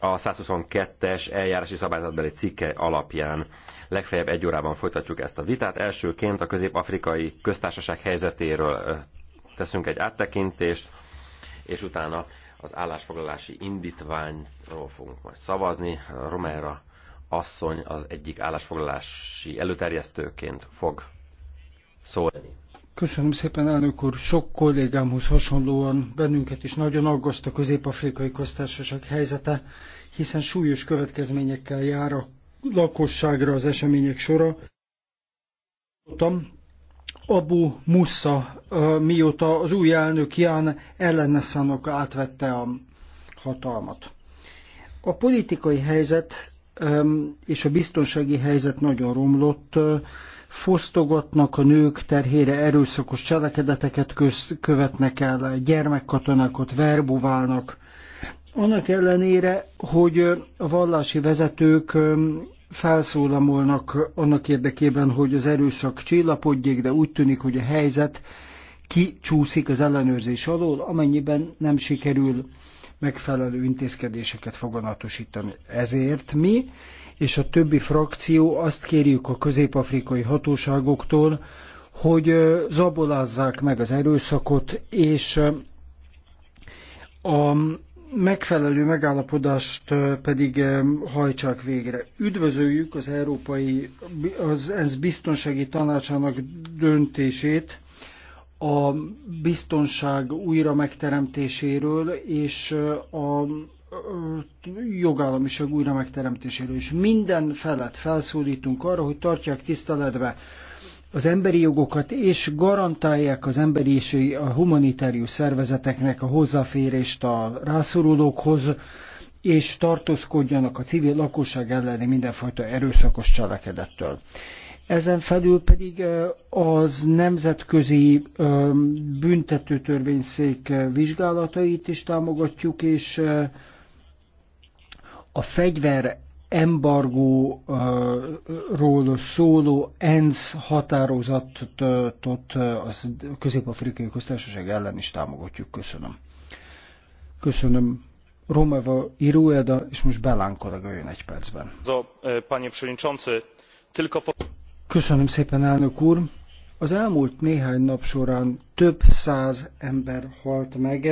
a 122-es eljárási szabályzatbeli cikke alapján. Legfeljebb egy órában folytatjuk ezt a vitát. Elsőként a közép-afrikai köztársaság helyzetéről teszünk egy áttekintést, és utána az állásfoglalási indítványról fogunk majd szavazni. Romera asszony az egyik állásfoglalási előterjesztőként fog szólni. Köszönöm szépen, elnök úr. Sok kollégámhoz hasonlóan bennünket is nagyon aggaszt a közép-afrikai köztársaság helyzete, hiszen súlyos következményekkel jár a lakosságra az események sora. Abu Musa, mióta az új elnök Ján ellenesszának átvette a hatalmat. A politikai helyzet és a biztonsági helyzet nagyon romlott, fosztogatnak a nők terhére erőszakos cselekedeteket köz, követnek el, gyermekkatonákat verbuválnak. Annak ellenére, hogy a vallási vezetők felszólamolnak annak érdekében, hogy az erőszak csillapodjék, de úgy tűnik, hogy a helyzet kicsúszik az ellenőrzés alól, amennyiben nem sikerül megfelelő intézkedéseket foganatosítani. Ezért mi és a többi frakció azt kérjük a közép-afrikai hatóságoktól, hogy zabolázzák meg az erőszakot, és a megfelelő megállapodást pedig hajtsák végre. Üdvözöljük az Európai, az ENSZ biztonsági tanácsának döntését a biztonság újra megteremtéséről és a jogállamiság újra megteremtéséről, is minden felett felszólítunk arra, hogy tartják tiszteletbe az emberi jogokat, és garantálják az emberi és a humanitárius szervezeteknek a hozzáférést a rászorulókhoz, és tartózkodjanak a civil lakosság elleni mindenfajta erőszakos cselekedettől. Ezen felül pedig az nemzetközi büntetőtörvényszék vizsgálatait is támogatjuk, és a fegyver embargóról szóló ENSZ határozatot eh, az Közép-Afrikai Köztársaság ellen is támogatjuk. Köszönöm. Köszönöm. Romeva Irueda, és most Belán kollega jön egy percben. Eh, Köszönöm szépen, elnök úr. Az elmúlt néhány nap során több száz ember halt meg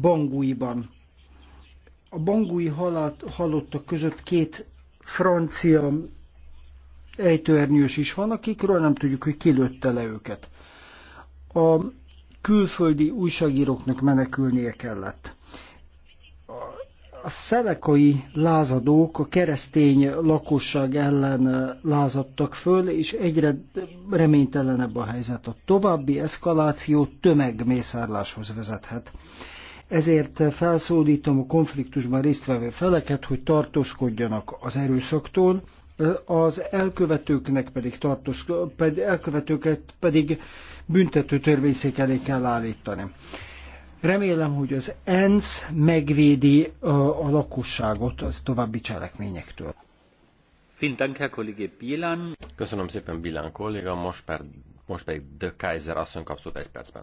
Banguiban a bangui halat, halottak között két francia ejtőernyős is van, akikről nem tudjuk, hogy kilőtte le őket. A külföldi újságíróknak menekülnie kellett. A szelekai lázadók a keresztény lakosság ellen lázadtak föl, és egyre reménytelenebb a helyzet. A további eszkaláció tömegmészárláshoz vezethet. Ezért felszólítom a konfliktusban résztvevő feleket, hogy tartózkodjanak az erőszaktól, az elkövetőknek pedig tartós, ped, elkövetőket pedig büntető törvényszék elé kell állítani. Remélem, hogy az ENSZ megvédi a, a lakosságot az további cselekményektől. Köszönöm szépen, Bilán kolléga. Most, per, most pedig De Kaiser asszony kapszott egy percben.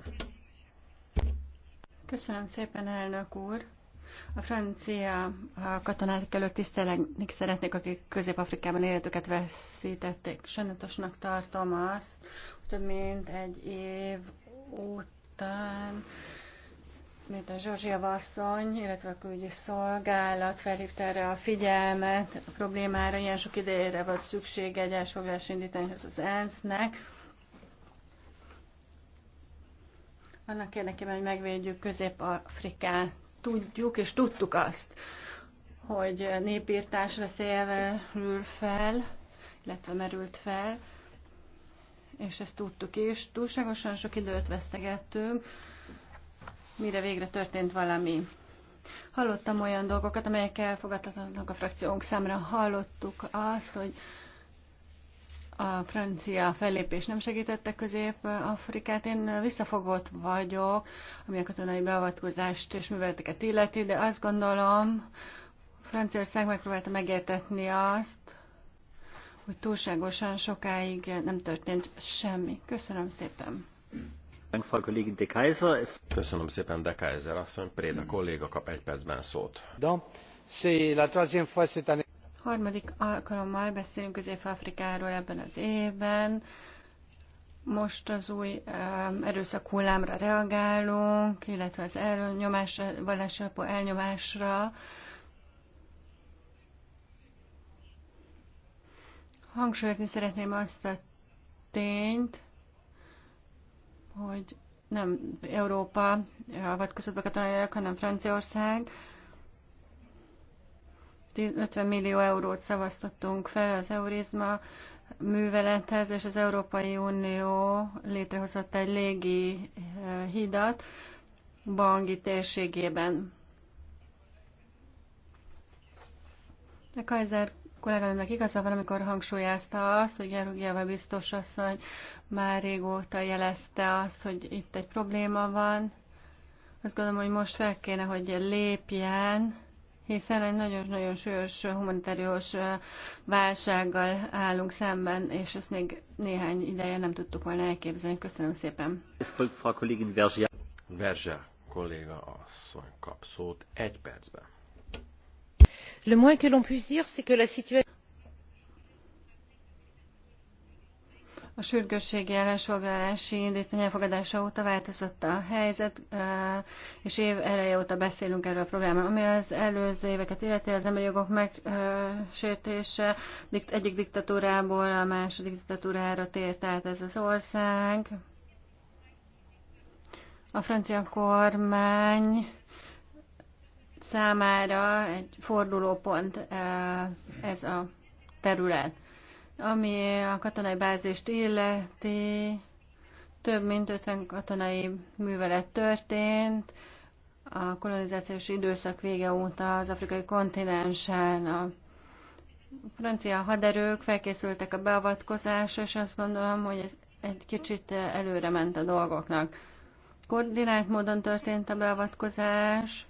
Köszönöm szépen, elnök úr. A francia a katonák előtt tisztelni szeretnék, akik Közép-Afrikában életüket veszítették. Sajnálatosnak tartom azt, hogy több mint egy év után mint a Zsorzsia Vasszony, illetve a külügyi szolgálat felhívta erre a figyelmet, a problémára ilyen sok idejére volt szükség egyes indítani az ENSZ-nek annak érdekében, hogy megvédjük Közép-Afrikát. Tudjuk és tudtuk azt, hogy népírtás veszélye merül fel, illetve merült fel, és ezt tudtuk is. Túlságosan sok időt vesztegettünk, mire végre történt valami. Hallottam olyan dolgokat, amelyek elfogadhatatlanak a frakciónk számára. Hallottuk azt, hogy a francia fellépés nem segítette Közép-Afrikát. Én visszafogott vagyok, ami a katonai beavatkozást és műveleteket illeti, de azt gondolom, Franciaország megpróbálta megértetni azt, hogy túlságosan sokáig nem történt semmi. Köszönöm szépen. Köszönöm szépen De Kaiser asszony. Préda kolléga kap egy percben szót. Harmadik alkalommal beszélünk Közép-Afrikáról ebben az évben. Most az új erőszak hullámra reagálunk, illetve az elnyomásra, vallási elnyomásra. Hangsúlyozni szeretném azt a tényt, hogy nem Európa avatkozott be katonailag, hanem Franciaország, 50 millió eurót szavaztottunk fel az Eurizma művelethez, és az Európai Unió létrehozott egy légi eh, hidat Bangi térségében. A Kaiser kollégának igaza van, amikor hangsúlyázta azt, hogy Gerugiava biztos asszony már régóta jelezte azt, hogy itt egy probléma van. Azt gondolom, hogy most fel kéne, hogy lépjen, hiszen egy nagyon-nagyon súlyos humanitárius válsággal állunk szemben, és ezt még néhány ideje nem tudtuk volna elképzelni. Köszönöm szépen. Verzsá kolléga asszony kap szót egy percben. Le moins que l'on puisse dire, c'est que la situation A sürgősségi állásfoglalási indítvány elfogadása óta változott a helyzet, és év eleje óta beszélünk erről a programról. Ami az előző éveket illeti, az emberi jogok megsértése egyik diktatúrából a második diktatúrára tért át ez az ország. A francia kormány számára egy fordulópont ez a terület. Ami a katonai bázist illeti, több mint 50 katonai művelet történt a kolonizációs időszak vége óta az afrikai kontinensen. A francia haderők felkészültek a beavatkozásra, és azt gondolom, hogy ez egy kicsit előre ment a dolgoknak. Koordinált módon történt a beavatkozás,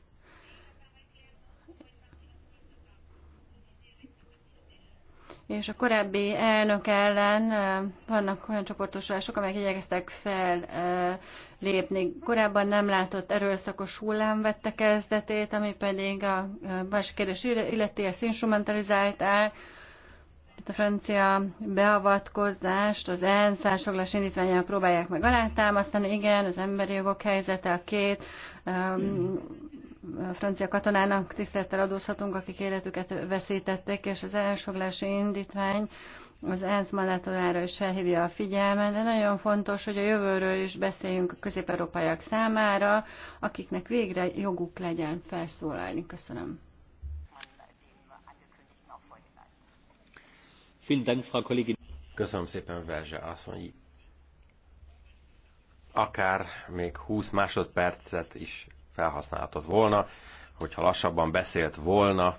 és a korábbi elnök ellen vannak olyan csoportosulások, amelyek igyekeztek fel lépni. Korábban nem látott erőszakos hullám vette kezdetét, ami pedig a másik kérdés illeti, ezt instrumentalizálták, a francia beavatkozást az ENSZ állásfoglalás indítványának próbálják meg alátámasztani. Igen, az emberi jogok helyzete, a két um, francia katonának tisztelettel adózhatunk, akik életüket veszítették, és az elsoglási indítvány az ENSZ mandátorára is felhívja a figyelmet, de nagyon fontos, hogy a jövőről is beszéljünk a közép-európaiak számára, akiknek végre joguk legyen felszólalni. Köszönöm. Köszönöm szépen, Verzse asszony. Akár még 20 másodpercet is felhasználhatott volna, hogyha lassabban beszélt volna,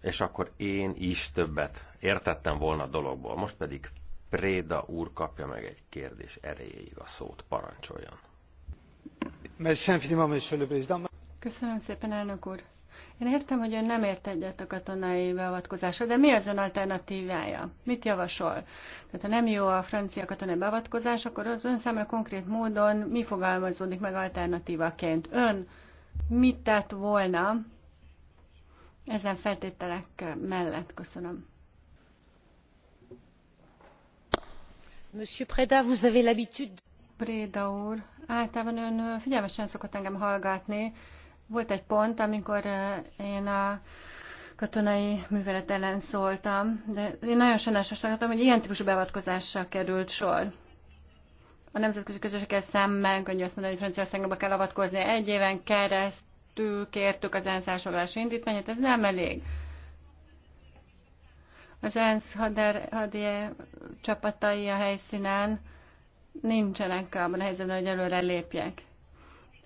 és akkor én is többet értettem volna a dologból. Most pedig Préda úr kapja meg egy kérdés erejéig a szót, parancsoljon. Köszönöm szépen, elnök úr. Én értem, hogy ön nem ért egyet a katonai beavatkozásra, de mi az ön alternatívája? Mit javasol? Tehát ha nem jó a francia katonai beavatkozás, akkor az ön számára konkrét módon mi fogalmazódik meg alternatívaként? Ön mit tett volna ezen feltételek mellett? Köszönöm. Monsieur Preda, vous avez l'habitude... Préda úr, általában ön figyelmesen szokott engem hallgatni, volt egy pont, amikor eh, én a katonai művelet ellen szóltam, de én nagyon sajnálatos tartom, hogy ilyen típusú beavatkozással került sor. A nemzetközi közösséggel szemmel, hogy azt mondani, hogy Franciaországba kell avatkozni. Egy éven keresztül kértük az ENSZ elsoglalási indítványát, ez nem elég. Az ENSZ hader, hadie csapatai a helyszínen nincsenek abban a helyzetben, hogy előre lépjek.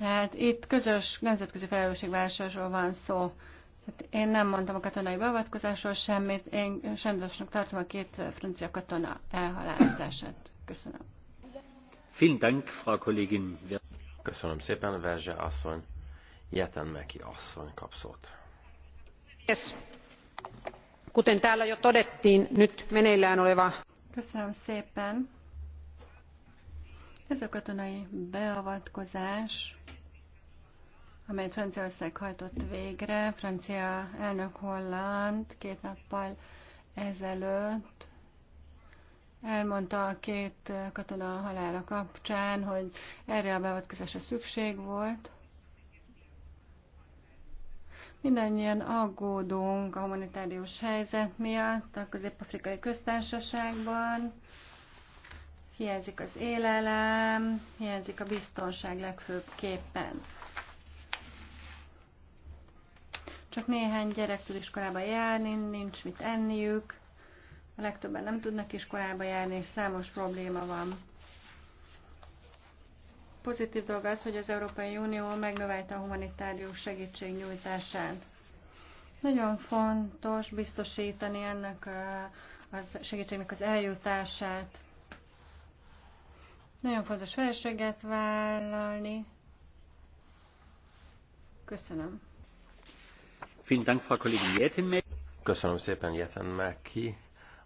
Hát itt közös nemzetközi felelősségvállalásról van szó. Hát én nem mondtam a katonai beavatkozásról semmit, én sendosnak tartom a két francia katona elhalálozását. Köszönöm. Vielen Dank, Frau Kollegin. Köszönöm szépen, Verzse asszony. Jeten Meki asszony kap szót. Yes. Kuten täällä jo todettiin, nyt meneillään oleva... Köszönöm szépen. Ez a katonai beavatkozás amelyet Franciaország hajtott végre. Francia elnök Holland két nappal ezelőtt elmondta a két katona halála kapcsán, hogy erre a beavatkozásra szükség volt. Mindannyian aggódunk a humanitárius helyzet miatt a közép-afrikai köztársaságban. Hiányzik az élelem, hiányzik a biztonság legfőbb Csak néhány gyerek tud iskolába járni, nincs mit enniük, a legtöbben nem tudnak iskolába járni, és számos probléma van. Pozitív dolog az, hogy az Európai Unió megnövelte a humanitárius segítség nyújtását. Nagyon fontos biztosítani ennek a, az segítségnek az eljutását. Nagyon fontos felséget vállalni. Köszönöm. Köszönöm szépen, Jeten Meki.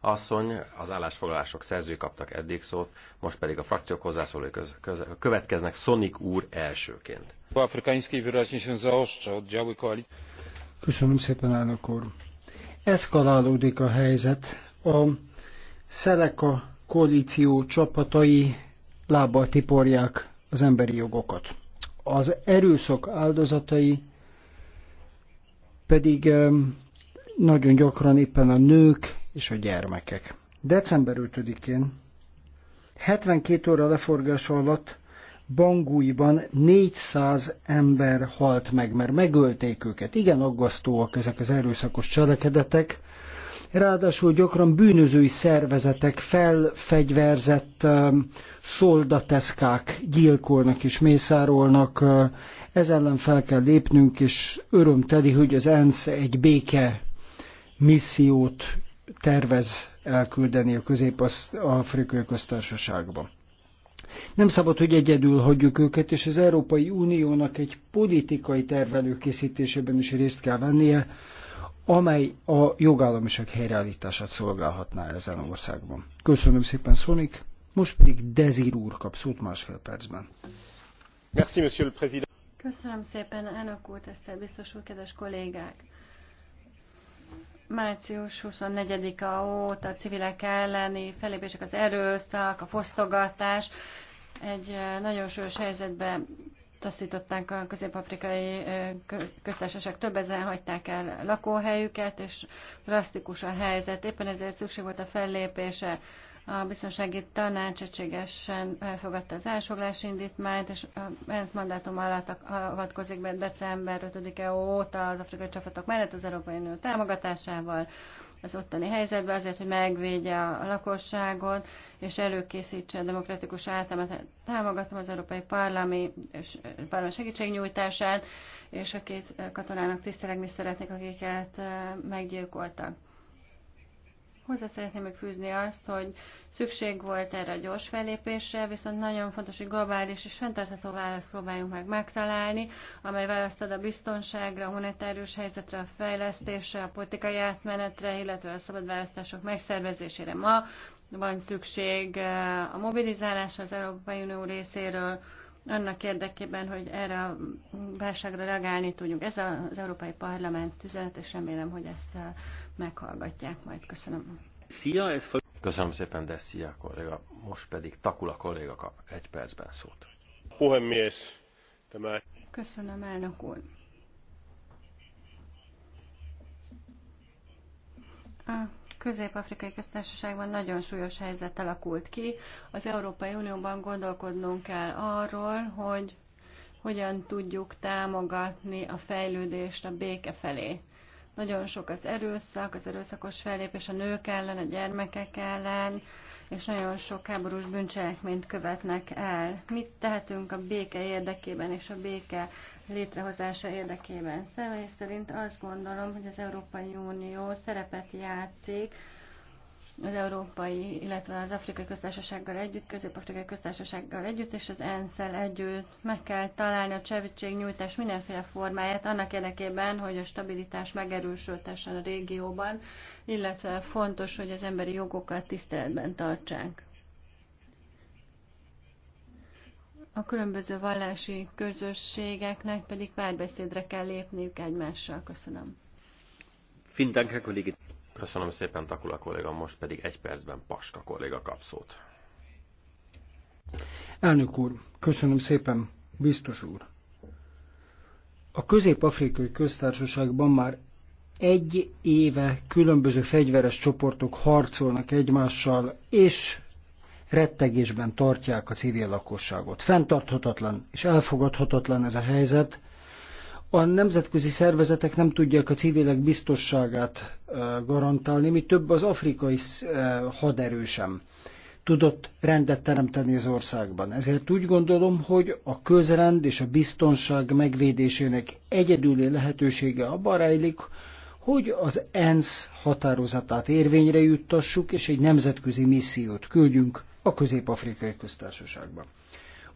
Asszony, az állásfoglalások szerzői kaptak eddig szót, most pedig a frakciók hozzászólói köz, köz, következnek Szonik úr elsőként. Köszönöm szépen, elnök úr. Eszkalálódik a helyzet. A Szeleka koalíció csapatai lábbal tiporják az emberi jogokat. Az erőszak áldozatai pedig nagyon gyakran éppen a nők és a gyermekek. December 5-én 72 óra leforgása alatt Bangújban 400 ember halt meg, mert megölték őket. Igen aggasztóak ezek az erőszakos cselekedetek, ráadásul gyakran bűnözői szervezetek, felfegyverzett um, szoldateszkák gyilkolnak és mészárolnak. Uh, ez ellen fel kell lépnünk, és örömteli, hogy az ENSZ egy béke missziót tervez elküldeni a közép-afrikai köztársaságba. Nem szabad, hogy egyedül hagyjuk őket, és az Európai Uniónak egy politikai tervelőkészítésében is részt kell vennie, amely a jogállamiság helyreállítását szolgálhatná ezen országban. Köszönöm szépen, Szonik. Most pedig Dezir úr kap szót másfél percben. Merci, monsieur le président. Köszönöm szépen, elnök úr, tisztelt biztos úr, kedves kollégák! Március 24-a óta civilek elleni felépések az erőszak, a fosztogatás egy eh, nagyon súlyos helyzetbe taszították a közép-afrikai köztársaság, több ezen hagyták el lakóhelyüket, és drasztikus a helyzet. Éppen ezért szükség volt a fellépése. A biztonsági tanács egységesen elfogadta az elsoglási indítmányt, és a ENSZ mandátum alatt avatkozik be december 5-e óta az afrikai csapatok mellett az Európai Unió támogatásával az ottani helyzetbe, azért, hogy megvédje a lakosságot, és előkészítse a demokratikus általmat. Támogatom az Európai Parlami, Parlament segítségnyújtását, és a két katonának tisztelegni szeretnék, akiket eh, meggyilkoltak. Hozzá szeretném még fűzni azt, hogy szükség volt erre a gyors fellépésre, viszont nagyon fontos, hogy globális és fenntartható választ próbáljunk meg megtalálni, amely választ ad a biztonságra, a monetárius helyzetre, a fejlesztésre, a politikai átmenetre, illetve a szabad választások megszervezésére. Ma van szükség eh, a mobilizálásra az Európai Unió részéről, annak érdekében, hogy erre a válságra reagálni tudjunk. Ez az Európai Parlament üzenet, és remélem, hogy ezt uh, meghallgatják majd. Köszönöm. Szia, ez fog... Köszönöm szépen, de szia kolléga. Most pedig Takula kolléga kap egy percben szót. Puhemies, tämä... Köszönöm, elnök úr. A Közép-Afrikai Köztársaságban nagyon súlyos helyzet alakult ki. Az Európai Unióban gondolkodnunk kell arról, hogy hogyan tudjuk támogatni a fejlődést a béke felé. Nagyon sok az erőszak, az erőszakos fellépés a nők ellen, a gyermekek ellen, és nagyon sok háborús bűncselekményt követnek el. Mit tehetünk a béke érdekében és a béke létrehozása érdekében? Személy szerint azt gondolom, hogy az Európai Unió szerepet játszik, az európai, illetve az afrikai köztársasággal együtt, közép-afrikai köztársasággal együtt, és az ensz együtt meg kell találni a segítségnyújtás mindenféle formáját annak érdekében, hogy a stabilitás megerősödhessen a régióban, illetve fontos, hogy az emberi jogokat tiszteletben tartsák. A különböző vallási közösségeknek pedig párbeszédre kell lépniük egymással. Köszönöm. Vielen Dank, Herr Kollege Köszönöm szépen, Takula kolléga, most pedig egy percben Paska kolléga kap szót. Elnök úr, köszönöm szépen, biztos úr. A Közép-Afrikai Köztársaságban már egy éve különböző fegyveres csoportok harcolnak egymással, és rettegésben tartják a civil lakosságot. Fentarthatatlan és elfogadhatatlan ez a helyzet, a nemzetközi szervezetek nem tudják a civilek biztosságát garantálni, mi több az afrikai haderő sem tudott rendet teremteni az országban. Ezért úgy gondolom, hogy a közrend és a biztonság megvédésének egyedüli lehetősége abban rejlik, hogy az ENSZ határozatát érvényre juttassuk, és egy nemzetközi missziót küldjünk a Közép-Afrikai Köztársaságba.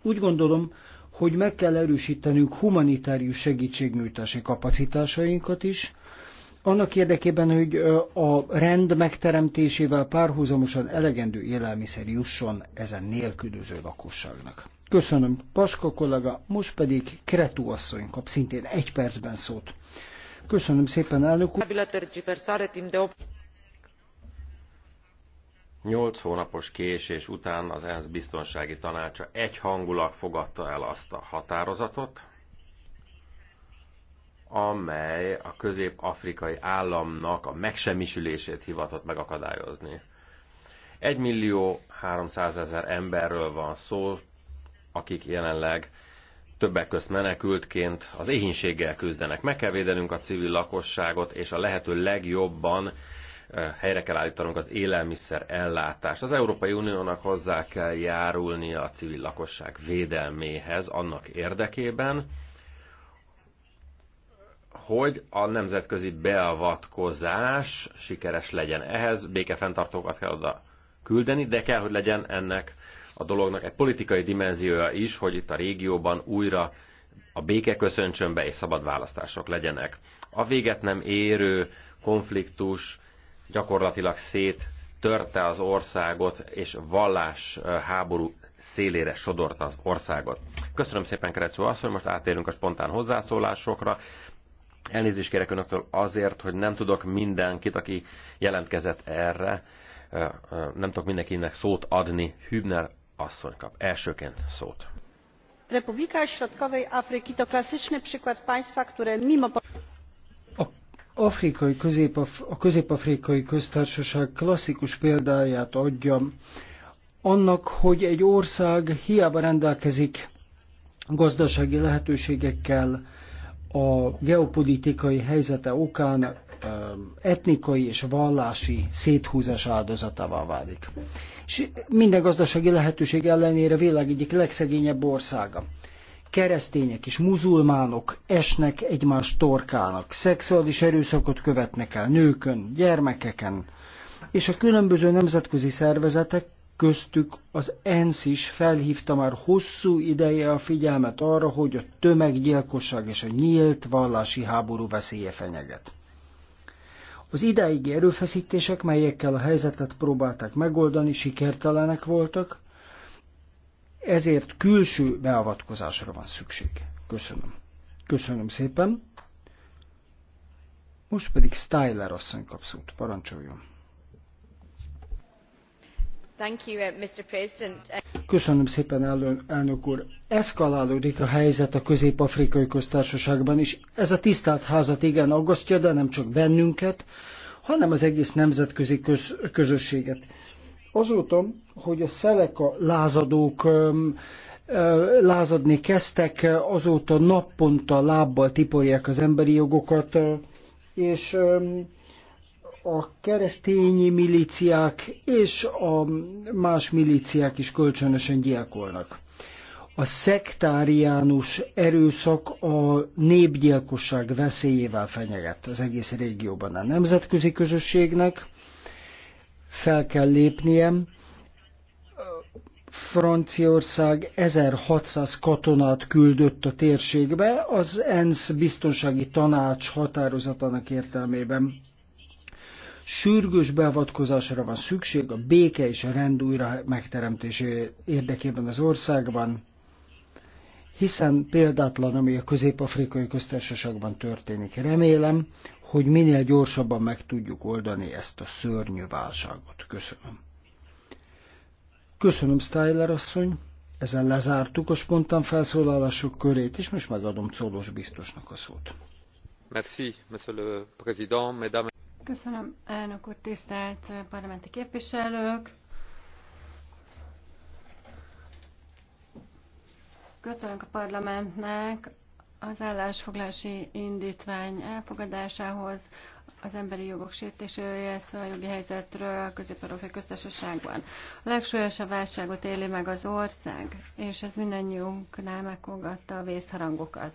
Úgy gondolom, hogy meg kell erősítenünk humanitárius segítségnyújtási kapacitásainkat is, annak érdekében, hogy a rend megteremtésével párhuzamosan elegendő élelmiszer jusson ezen nélkülöző lakosságnak. Köszönöm, Paska kollega, most pedig Kretu asszony kap szintén egy percben szót. Köszönöm szépen, elnök úr. Nyolc hónapos késés után az ENSZ biztonsági tanácsa egyhangulag fogadta el azt a határozatot, amely a közép-afrikai államnak a megsemmisülését hivatott megakadályozni. 1 millió 300 ezer emberről van szó, akik jelenleg többek közt menekültként az éhínséggel küzdenek. Meg kell védenünk a civil lakosságot, és a lehető legjobban helyre kell állítanunk az élelmiszer ellátást. Az Európai Uniónak hozzá kell járulnia a civil lakosság védelméhez annak érdekében, hogy a nemzetközi beavatkozás sikeres legyen. Ehhez békefenntartókat kell oda küldeni, de kell, hogy legyen ennek a dolognak egy politikai dimenziója is, hogy itt a régióban újra a béke köszöntsön be, és szabad választások legyenek. A véget nem érő konfliktus gyakorlatilag szét törte az országot, és vallás háború szélére sodorta az országot. Köszönöm szépen, Kerecó asszony, most átérünk a spontán hozzászólásokra. Elnézést kérek önöktől azért, hogy nem tudok mindenkit, aki jelentkezett erre, nem tudok mindenkinek szót adni. Hübner asszony kap elsőként szót. Republika Środkowej Afryki to klasyczny przykład państwa, które mimo afrikai közép, a közép-afrikai köztársaság klasszikus példáját adja annak, hogy egy ország hiába rendelkezik gazdasági lehetőségekkel, a geopolitikai helyzete okán etnikai és vallási széthúzás áldozatává válik. És minden gazdasági lehetőség ellenére világ egyik legszegényebb országa keresztények és muzulmánok esnek egymás torkának, szexuális erőszakot követnek el nőkön, gyermekeken, és a különböző nemzetközi szervezetek köztük az ENSZ is felhívta már hosszú ideje a figyelmet arra, hogy a tömeggyilkosság és a nyílt vallási háború veszélye fenyeget. Az ideigi erőfeszítések, melyekkel a helyzetet próbálták megoldani, sikertelenek voltak, ezért külső beavatkozásra van szükség. Köszönöm. Köszönöm szépen. Most pedig Styler asszony kap szót. Parancsoljon. Uh, Köszönöm szépen, elnök úr. Eszkalálódik a helyzet a Közép-Afrikai Köztársaságban is. Ez a tisztelt házat igen aggasztja, de nem csak bennünket, hanem az egész nemzetközi köz közösséget. Azóta, hogy a szeleka lázadók lázadni kezdtek, azóta naponta lábbal tiporják az emberi jogokat, és a keresztényi milíciák és a más milíciák is kölcsönösen gyilkolnak. A szektáriánus erőszak a népgyilkosság veszélyével fenyeget az egész régióban a nemzetközi közösségnek, fel kell lépniem. Franciaország 1600 katonát küldött a térségbe az ENSZ biztonsági tanács határozatának értelmében. Sürgős beavatkozásra van szükség a béke és a rend újra megteremtésé érdekében az országban, hiszen példátlan, ami a közép-afrikai köztársaságban történik. Remélem, hogy minél gyorsabban meg tudjuk oldani ezt a szörnyű válságot. Köszönöm. Köszönöm, Styler asszony. Ezzel lezártuk a spontán felszólalások körét, és most megadom Czolos biztosnak a szót. Merci, monsieur le président, mesdames. Köszönöm, elnök úr, tisztelt parlamenti képviselők. Köszönöm a parlamentnek az állásfoglási indítvány elfogadásához az emberi jogok sértéséről, illetve a jogi helyzetről a közép Köztársaságban. A legsúlyosabb válságot éli meg az ország, és ez mindannyiunknál megkongatta a vészharangokat.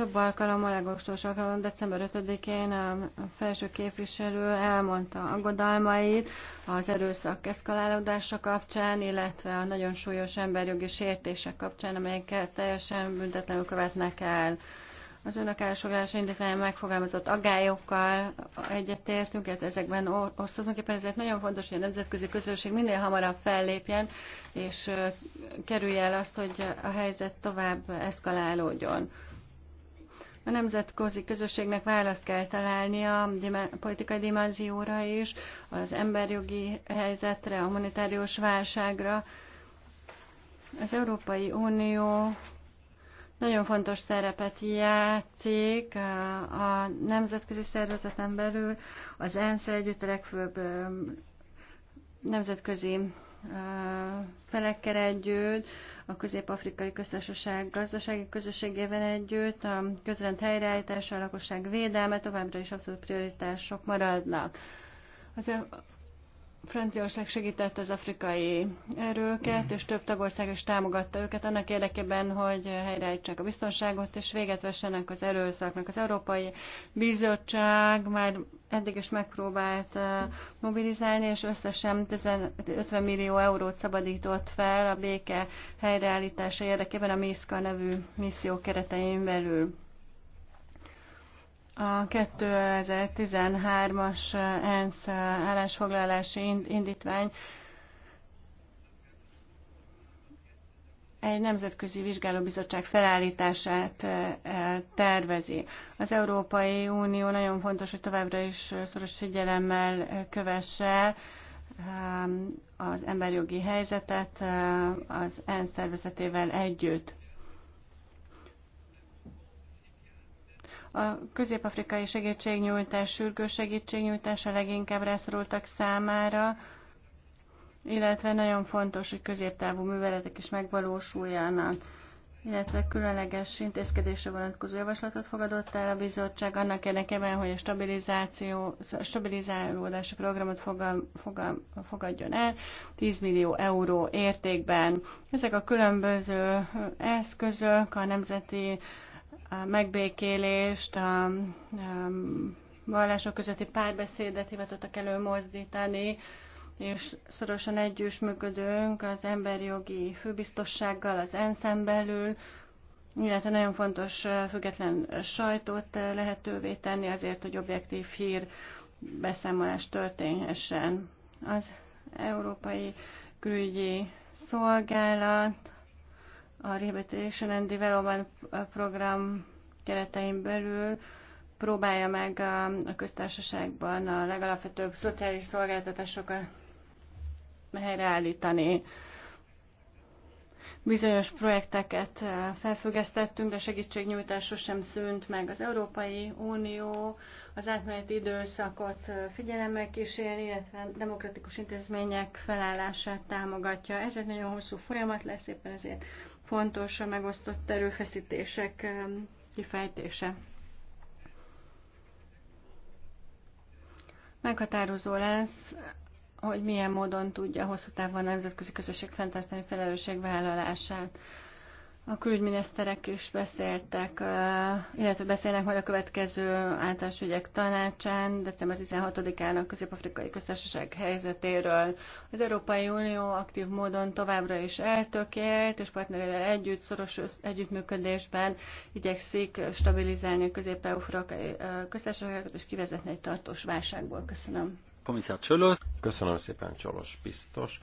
Több alkalommal, legostos alkalommal, december 5-én a felső képviselő elmondta aggodalmait az erőszak eszkalálódása kapcsán, illetve a nagyon súlyos emberjogi sértések kapcsán, amelyeket teljesen büntetlenül követnek el. Az önök elsoglása indítványán megfogalmazott agályokkal egyetértünk, illetve hát ezekben osztozunk. Éppen ezért nagyon fontos, hogy a nemzetközi közösség minél hamarabb fellépjen, és kerülje el azt, hogy a helyzet tovább eszkalálódjon. A nemzetközi közösségnek választ kell találni a politikai dimenzióra is, az emberjogi helyzetre, a monetárius válságra. Az Európai Unió nagyon fontos szerepet játszik a nemzetközi szervezeten belül, az ENSZ együtt a legfőbb nemzetközi felekkel együtt, a Közép-Afrikai Köztársaság gazdasági közösségével együtt, a közrend helyreállítása, a lakosság védelme továbbra is abszolút prioritások maradnak. Az Franciaország segített az afrikai erőket, és több tagország is támogatta őket annak érdekében, hogy helyreállítsák a biztonságot, és véget vessenek az erőszaknak. Az Európai Bizottság már eddig is megpróbált uh, mobilizálni, és összesen 50 millió eurót szabadított fel a béke helyreállítása érdekében a MISZKA nevű misszió keretein belül. A 2013-as eh, ENSZ eh, állásfoglalási indítvány egy nemzetközi vizsgálóbizottság felállítását eh, tervezi. Az Európai Unió nagyon fontos, hogy továbbra is szoros figyelemmel kövesse az emberjogi helyzetet az ENSZ szervezetével együtt. A közép-afrikai segítségnyújtás, sürgős segítségnyújtás a leginkább rászorultak számára, illetve nagyon fontos, hogy középtávú műveletek is megvalósuljanak, illetve különleges intézkedésre vonatkozó javaslatot fogadott el a bizottság annak érdekében, hogy a stabilizáció, stabilizálódási programot fogal, fogal, fogadjon el 10 millió euró értékben. Ezek a különböző eszközök a nemzeti uh, a megbékélést, a, a vallások közötti párbeszédet hivatottak előmozdítani, és szorosan együttműködünk az emberjogi főbiztossággal, az ensz belül, illetve nagyon fontos független sajtót lehetővé tenni azért, hogy objektív hír beszámolás történhessen. Az Európai Külügyi Szolgálat a Rehabilitation and Development program keretein belül próbálja meg a, a köztársaságban a legalapvetőbb szociális szolgáltatásokat helyreállítani. Bizonyos projekteket eh, felfüggesztettünk, de segítségnyújtás sosem szűnt meg. Az Európai Unió az átmeneti időszakot eh, figyelemmel kísér, illetve demokratikus intézmények felállását támogatja. Ez egy nagyon hosszú folyamat lesz, éppen ezért fontos a megosztott erőfeszítések um, kifejtése. Meghatározó lesz, hogy milyen módon tudja hosszú távon a nemzetközi közösség fenntartani felelősségvállalását. A külügyminiszterek is beszéltek, illetve beszélnek majd a következő általános ügyek tanácsán, december 16-án a közép-afrikai köztársaság helyzetéről. Az Európai Unió aktív módon továbbra is eltökélt, és partnerével együtt, szoros együttműködésben igyekszik stabilizálni a közép-afrikai Köztársaságokat, és kivezetni egy tartós válságból. Köszönöm. Komisszár Csölos. Köszönöm szépen, Csolos biztos.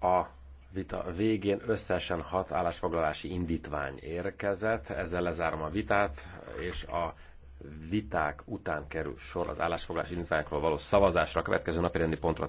A vita végén összesen hat állásfoglalási indítvány érkezett. Ezzel lezárom a vitát, és a viták után kerül sor az állásfoglalási indítványokról való szavazásra. A következő napi rendi pontra